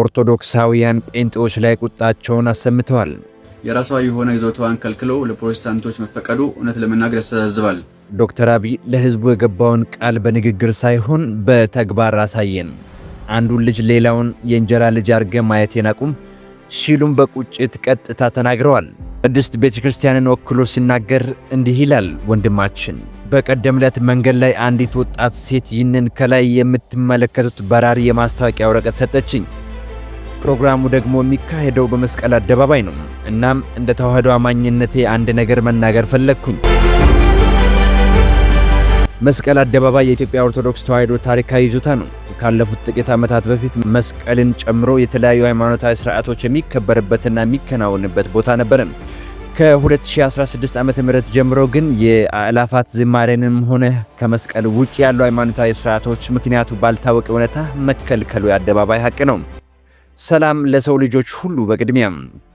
ኦርቶዶክሳውያን ጴንጤዎች ላይ ቁጣቸውን አሰምተዋል። የራሷ የሆነ ይዞታዋን ከልክሎ ለፕሮቴስታንቶች መፈቀዱ እውነት ለመናገር ያስተዛዝባል። ዶክተር አብይ ለህዝቡ የገባውን ቃል በንግግር ሳይሆን በተግባር አሳየን፣ አንዱን ልጅ ሌላውን የእንጀራ ልጅ አድርገ ማየቴን አቁም ሲሉም በቁጭት ቀጥታ ተናግረዋል። ቅድስት ቤተ ክርስቲያንን ወክሎ ሲናገር እንዲህ ይላል ወንድማችን። በቀደም ዕለት መንገድ ላይ አንዲት ወጣት ሴት ይህንን ከላይ የምትመለከቱት በራሪ የማስታወቂያ ወረቀት ሰጠችኝ ፕሮግራሙ ደግሞ የሚካሄደው በመስቀል አደባባይ ነው። እናም እንደ ተዋህዶ አማኝነቴ አንድ ነገር መናገር ፈለግኩኝ። መስቀል አደባባይ የኢትዮጵያ ኦርቶዶክስ ተዋህዶ ታሪካዊ ይዞታ ነው። ካለፉት ጥቂት ዓመታት በፊት መስቀልን ጨምሮ የተለያዩ ሃይማኖታዊ ስርዓቶች የሚከበርበትና የሚከናወንበት ቦታ ነበረ። ከ2016 ም ጀምሮ ግን የአእላፋት ዝማሬንም ሆነ ከመስቀል ውጭ ያሉ ሃይማኖታዊ ስርዓቶች ምክንያቱ ባልታወቀ ሁኔታ መከልከሉ የአደባባይ ሀቅ ነው። ሰላም ለሰው ልጆች ሁሉ በቅድሚያ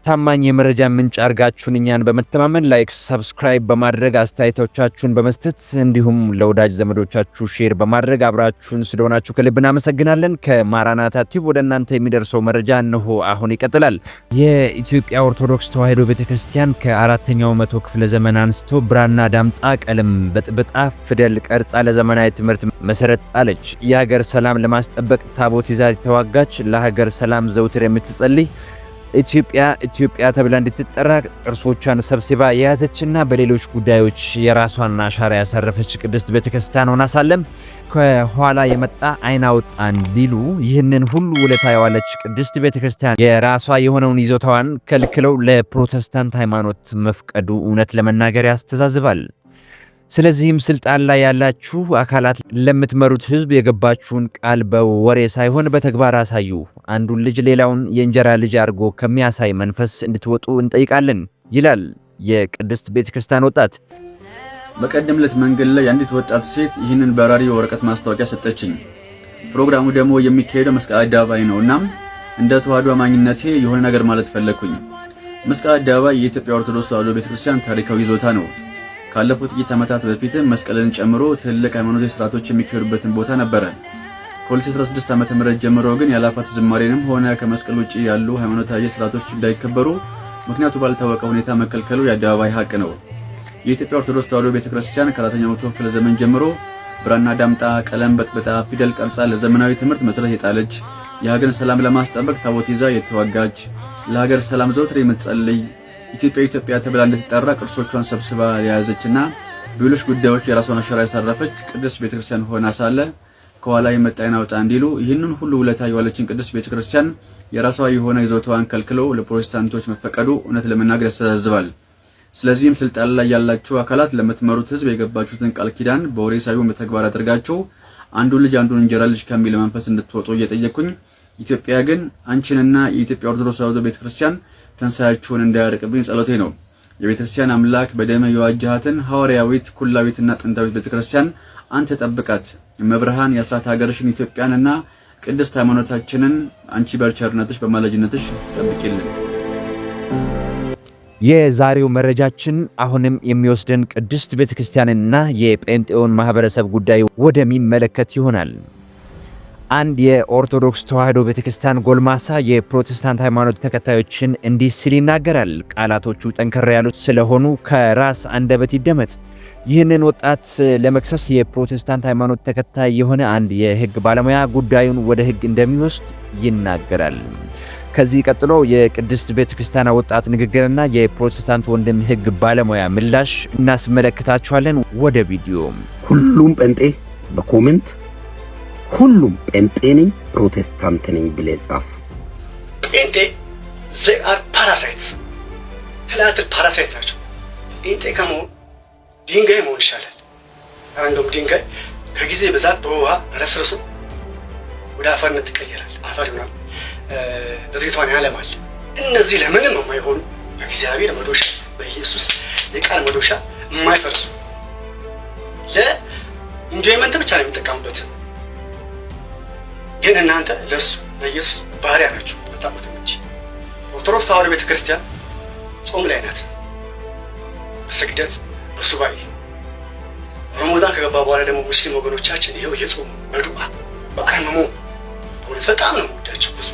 ታማኝ የመረጃ ምንጭ አድርጋችሁን እኛን በመተማመን ላይክ፣ ሰብስክራይብ በማድረግ አስተያየቶቻችሁን በመስጠት እንዲሁም ለወዳጅ ዘመዶቻችሁ ሼር በማድረግ አብራችሁን ስለሆናችሁ ከልብ እናመሰግናለን። ከማራናታ ቲዩብ ወደ እናንተ የሚደርሰው መረጃ እነሆ አሁን ይቀጥላል። የኢትዮጵያ ኦርቶዶክስ ተዋሕዶ ቤተ ክርስቲያን ከአራተኛው መቶ ክፍለ ዘመን አንስቶ ብራና ዳምጣ፣ ቀለም በጥብጣ፣ ፊደል ቀርጻ ለዘመናዊ ትምህርት መሰረት ጣለች። የሀገር ሰላም ለማስጠበቅ ታቦት ይዛ የተዋጋች ለሀገር ሰላም ዘውትር የምትጸልይ ኢትዮጵያ ኢትዮጵያ ተብላ እንድትጠራ ቅርሶቿን ሰብስባ የያዘችና በሌሎች ጉዳዮች የራሷን አሻራ ያሳረፈች ቅድስት ቤተክርስቲያን ሆና ሳለም ከኋላ የመጣ አይን አውጣ እንዲሉ ይህንን ሁሉ ውለታ የዋለች ቅድስት ቤተክርስቲያን የራሷ የሆነውን ይዞታዋን ከልክለው ለፕሮቴስታንት ሃይማኖት መፍቀዱ እውነት ለመናገር ያስተዛዝባል። ስለዚህም ስልጣን ላይ ያላችሁ አካላት ለምትመሩት ህዝብ የገባችሁን ቃል በወሬ ሳይሆን በተግባር አሳዩ። አንዱን ልጅ ሌላውን የእንጀራ ልጅ አድርጎ ከሚያሳይ መንፈስ እንድትወጡ እንጠይቃለን ይላል የቅድስት ቤተ ክርስቲያን ወጣት። በቀደም ዕለት መንገድ ላይ አንዲት ወጣት ሴት ይህንን በራሪ የወረቀት ማስታወቂያ ሰጠችኝ። ፕሮግራሙ ደግሞ የሚካሄደው መስቀል አደባባይ ነው። እናም እንደ ተዋህዶ አማኝነቴ የሆነ ነገር ማለት ፈለግኩኝ። መስቀል አደባባይ የኢትዮጵያ ኦርቶዶክስ ተዋህዶ ቤተክርስቲያን ታሪካዊ ይዞታ ነው። ካለፉት ጥቂት ዓመታት በፊትም መስቀልን ጨምሮ ትልቅ ሃይማኖታዊ ስርዓቶች የሚካሄዱበትን ቦታ ነበረ። ከ2016 ዓመተ ምህረት ጀምሮ ግን ያላፋት ዝማሬንም ሆነ ከመስቀል ውጪ ያሉ ሃይማኖታዊ ስርዓቶች እንዳይከበሩ ምክንያቱ ባልታወቀ ሁኔታ መከልከሉ የአደባባይ ሀቅ ነው። የኢትዮጵያ ኦርቶዶክስ ተዋሕዶ ቤተክርስቲያን ከአራተኛው መቶ ክፍለ ዘመን ጀምሮ ብራና ዳምጣ፣ ቀለም በጥብጣ፣ ፊደል ቀርጻ ለዘመናዊ ትምህርት መሰረት የጣለች የሀገርን ሰላም ለማስጠበቅ ታቦት ይዛ የተዋጋች ለሀገር ሰላም ዘውትር የምትጸልይ ኢትዮጵያ ኢትዮጵያ ተብላ እንድትጠራ ቅርሶቿን ሰብስባ የያዘችና በሌሎች ጉዳዮች የራሷን አሻራ ያሳረፈች ቅድስት ቤተክርስቲያን ሆና ሳለ ከኋላ የመጣይን አውጣ እንዲሉ ይህንን ሁሉ ውለታ የዋለችን ቅድስት ቤተክርስቲያን የራሷ የሆነ ይዞታዋን ከልክለው ለፕሮቴስታንቶች መፈቀዱ እውነት ለመናገር ያስተዛዝባል። ስለዚህም ስልጣን ላይ ያላችሁ አካላት ለምትመሩት ህዝብ የገባችሁትን ቃል ኪዳን በወሬ ሳይሆን በተግባር አድርጋችሁ አንዱን ልጅ አንዱን እንጀራ ልጅ ከሚል መንፈስ እንድትወጡ እየጠየቅኩኝ ኢትዮጵያ ግን አንቺንና የኢትዮጵያ ኦርቶዶክስ ተዋሕዶ ቤተክርስቲያን ተንሳያችሁን እንዳያርቅብኝ ጸሎቴ ነው። የቤተክርስቲያን አምላክ በደም የዋጃሃትን ሐዋርያዊት ኩላዊትና ጥንታዊት ቤተክርስቲያን አንተ ጠብቃት። መብርሃን የአስራት ሀገርሽን ኢትዮጵያንና ቅድስት ሃይማኖታችንን አንቺ በርቸርነትሽ በማለጅነትሽ ጠብቂልን። የዛሬው መረጃችን አሁንም የሚወስደን ቅድስት ቤተክርስቲያንና የጴንጤዮን ማህበረሰብ ጉዳይ ወደሚመለከት ይሆናል። አንድ የኦርቶዶክስ ተዋሕዶ ቤተክርስቲያን ጎልማሳ የፕሮቴስታንት ሃይማኖት ተከታዮችን እንዲህ ሲል ይናገራል። ቃላቶቹ ጠንከር ያሉት ስለሆኑ ከራስ አንደበት ይደመጥ። ይህንን ወጣት ለመክሰስ የፕሮቴስታንት ሃይማኖት ተከታይ የሆነ አንድ የህግ ባለሙያ ጉዳዩን ወደ ህግ እንደሚወስድ ይናገራል። ከዚህ ቀጥሎ የቅድስት ቤተክርስቲያና ወጣት ንግግርና የፕሮቴስታንት ወንድም ህግ ባለሙያ ምላሽ እናስመለክታችኋለን። ወደ ቪዲዮ ሁሉም ጴንጤ በኮሜንት ሁሉም ጴንጤ ነኝ ፕሮቴስታንት ነኝ ብለህ ጻፍ። ጴንጤ ዘ አር ፓራሳይት ትላትል ፓራሳይት ናቸው። ጴንጤ ከመሆን ድንጋይ መሆን ይሻላል። አንዱም ድንጋይ ከጊዜ ብዛት በውሃ ረስርሶ ወደ አፈርነት ይቀየራል። አፈር ይሆናል፣ በድሪቷን ያለማል። እነዚህ ለምንም የማይሆኑ በእግዚአብሔር መዶሻ በኢየሱስ የቃል መዶሻ የማይፈርሱ ለኢንጆይመንት ብቻ ነው የሚጠቀሙበት። ግን እናንተ ለእሱ ለኢየሱስ ባሪያ ናችሁ አታውቁትም እንጂ። ኦርቶዶክስ ተዋሕዶ ቤተ ክርስቲያን ጾም ላይ ናት፣ በስግደት በሱባኤ ረመዳን ከገባ በኋላ ደግሞ ሙስሊም ወገኖቻችን ይኸው የጾሙ በዱዓ በአረምሞ በእውነት በጣም ነው የምወዳቸው ብዙ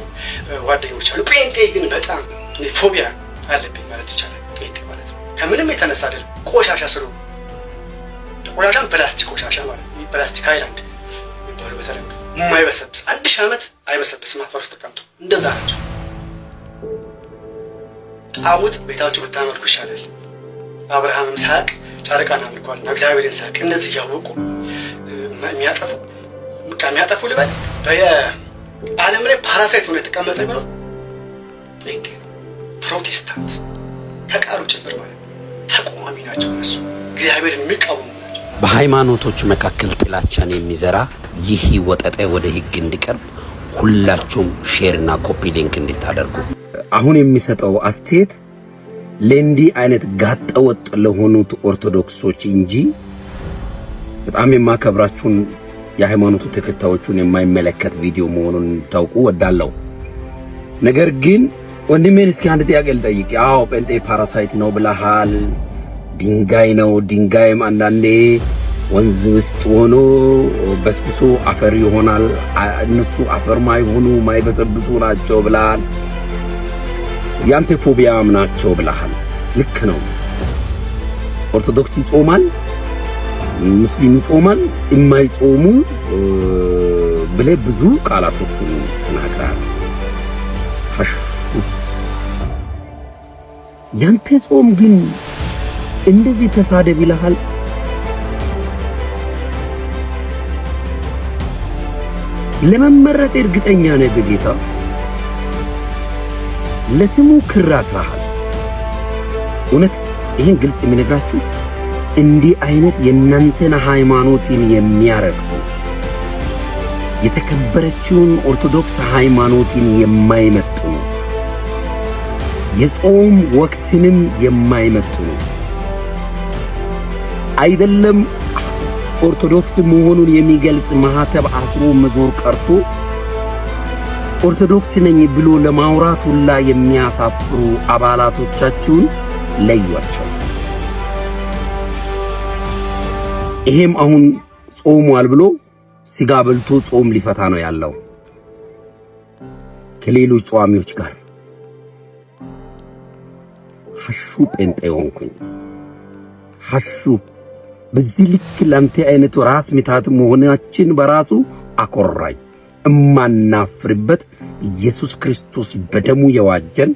ጓደኞች አሉ። ጴንጤ ግን በጣም ፎቢያ አለብኝ ማለት ይቻላል። ጴንጤ ማለት ነው ከምንም የተነሳ አይደለም። ቆሻሻ ስሩ ቆሻሻም ፕላስቲክ ቆሻሻ ማለት ፕላስቲክ ሃይላንድ የማይበሰብስ አንድ ሺህ ዓመት አይበሰብስም። አፈር ውስጥ ተቀምጦ እንደዛ ናቸው። ጣዖት ቤታችሁ ብታመልኩ ይሻላል። አብርሃምም ሳቅ ጨረቃን አምልኳልና እግዚአብሔርን ሳቅ። እነዚህ እያወቁ የሚያጠፉ በቃ የሚያጠፉ ልበል በዓለም ላይ ፓራሳይት ሆነ የተቀመጠ ቢኖር ጴንጤ፣ ፕሮቴስታንት ከቃሉ ጭምር ማለት ተቋማሚ ናቸው እነሱ እግዚአብሔርን የሚቃወሙ በሃይማኖቶች መካከል ጥላቻን የሚዘራ ይህ ወጠጤ ወደ ህግ እንዲቀርብ ሁላችሁም ሼርና ኮፒ ሊንክ እንድታደርጉ። አሁን የሚሰጠው አስተያየት ለእንዲህ አይነት ጋጠወጥ ለሆኑት ኦርቶዶክሶች እንጂ በጣም የማከብራችሁን የሃይማኖቱ ተከታዮቹን የማይመለከት ቪዲዮ መሆኑን እንድታውቁ ወዳለሁ። ነገር ግን ወንድሜን እስኪ አንድ ጥያቄ ልጠይቅ። አዎ ጴንጤ ፓራሳይት ነው ብለሃል። ድንጋይ ነው። ድንጋይም አንዳንዴ ወንዝ ውስጥ ሆኖ በስብሶ አፈር ይሆናል። እነሱ አፈር ማይሆኑ ማይበሰብሱ ናቸው ብላል። ያንተ ፎቢያም ናቸው ብላሃል። ልክ ነው። ኦርቶዶክስ ይጾማል፣ ሙስሊም ይጾማል። የማይጾሙ ብለ ብዙ ቃላቶች ተናግራል። ያንተ ጾም ግን እንደዚህ ተሳደብ ይልሃል። ለመመረጥ እርግጠኛ ነህ በጌታ ለስሙ ክር አስራሃል። እውነት ይህን ግልጽ የሚነግራችሁ እንዲህ አይነት የእናንተን ሃይማኖትን የሚያረክሱ የተከበረችውን ኦርቶዶክስ ሃይማኖትን የማይመጡ የጾም ወቅትንም የማይመጡ ነው። አይደለም ኦርቶዶክስ መሆኑን የሚገልጽ ማህተብ አስሮ መዞር ቀርቶ ኦርቶዶክስ ነኝ ብሎ ለማውራት ሁላ የሚያሳፍሩ አባላቶቻችሁን ለዩአቸው። ይሄም አሁን ጾሟል ብሎ ስጋ በልቶ ጾም ሊፈታ ነው ያለው ከሌሎች ጿሚዎች ጋር ሐሹ ጴንጤ ሆንኩኝ ሐሹ በዚህ ልክ ላንተ አይነቱ ራስ ምታት መሆናችን በራሱ አኮራኝ። እማናፍርበት ኢየሱስ ክርስቶስ በደሙ የዋጀን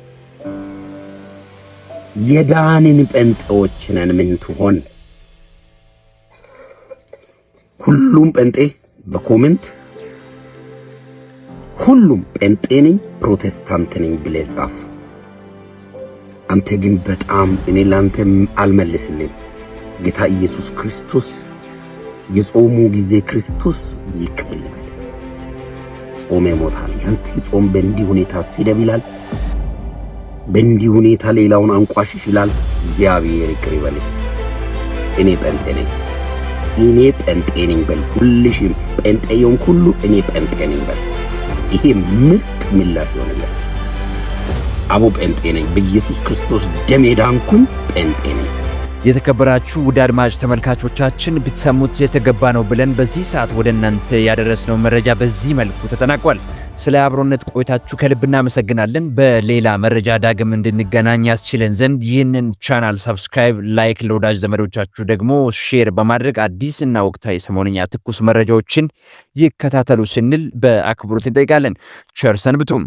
የዳንን ጴንጤዎች ነን። ምን ትሆን? ሁሉም ጴንጤ በኮሜንት ሁሉም ጴንጤ ነኝ፣ ፕሮቴስታንት ነኝ ብለህ ጻፍ። አንተ ግን በጣም እኔ ላንተ አልመልስልኝ። ጌታ ኢየሱስ ክርስቶስ የጾሙ ጊዜ ክርስቶስ ይቅር ጾም ያሞታል። ያንተ ጾም በእንዲህ ሁኔታ ሲደብ ይላል። በእንዲህ ሁኔታ ሌላውን አንቋሽሽ ይላል። እግዚአብሔር ይቅር ይበል። እኔ ጴንጤ ነኝ፣ እኔ ጴንጤ ነኝ በል። ሁልሽም ጴንጤ የሆንክ ሁሉ እኔ ጴንጤ ነኝ በል። ይሄ ምርጥ ምላሽ ይሆንላል። አቡ ጴንጤ ነኝ፣ በኢየሱስ ክርስቶስ ደም የዳንኩኝ ጴንጤ ነኝ። የተከበራችሁ ውድ አድማጭ ተመልካቾቻችን ብትሰሙት የተገባ ነው ብለን በዚህ ሰዓት ወደ እናንተ ያደረስነው መረጃ በዚህ መልኩ ተጠናቋል። ስለ አብሮነት ቆይታችሁ ከልብ እናመሰግናለን። በሌላ መረጃ ዳግም እንድንገናኝ ያስችለን ዘንድ ይህንን ቻናል ሰብስክራይብ፣ ላይክ፣ ለወዳጅ ዘመዶቻችሁ ደግሞ ሼር በማድረግ አዲስ እና ወቅታዊ ሰሞንኛ ትኩስ መረጃዎችን ይከታተሉ ስንል በአክብሮት እንጠይቃለን። ቸር ሰንብቱም።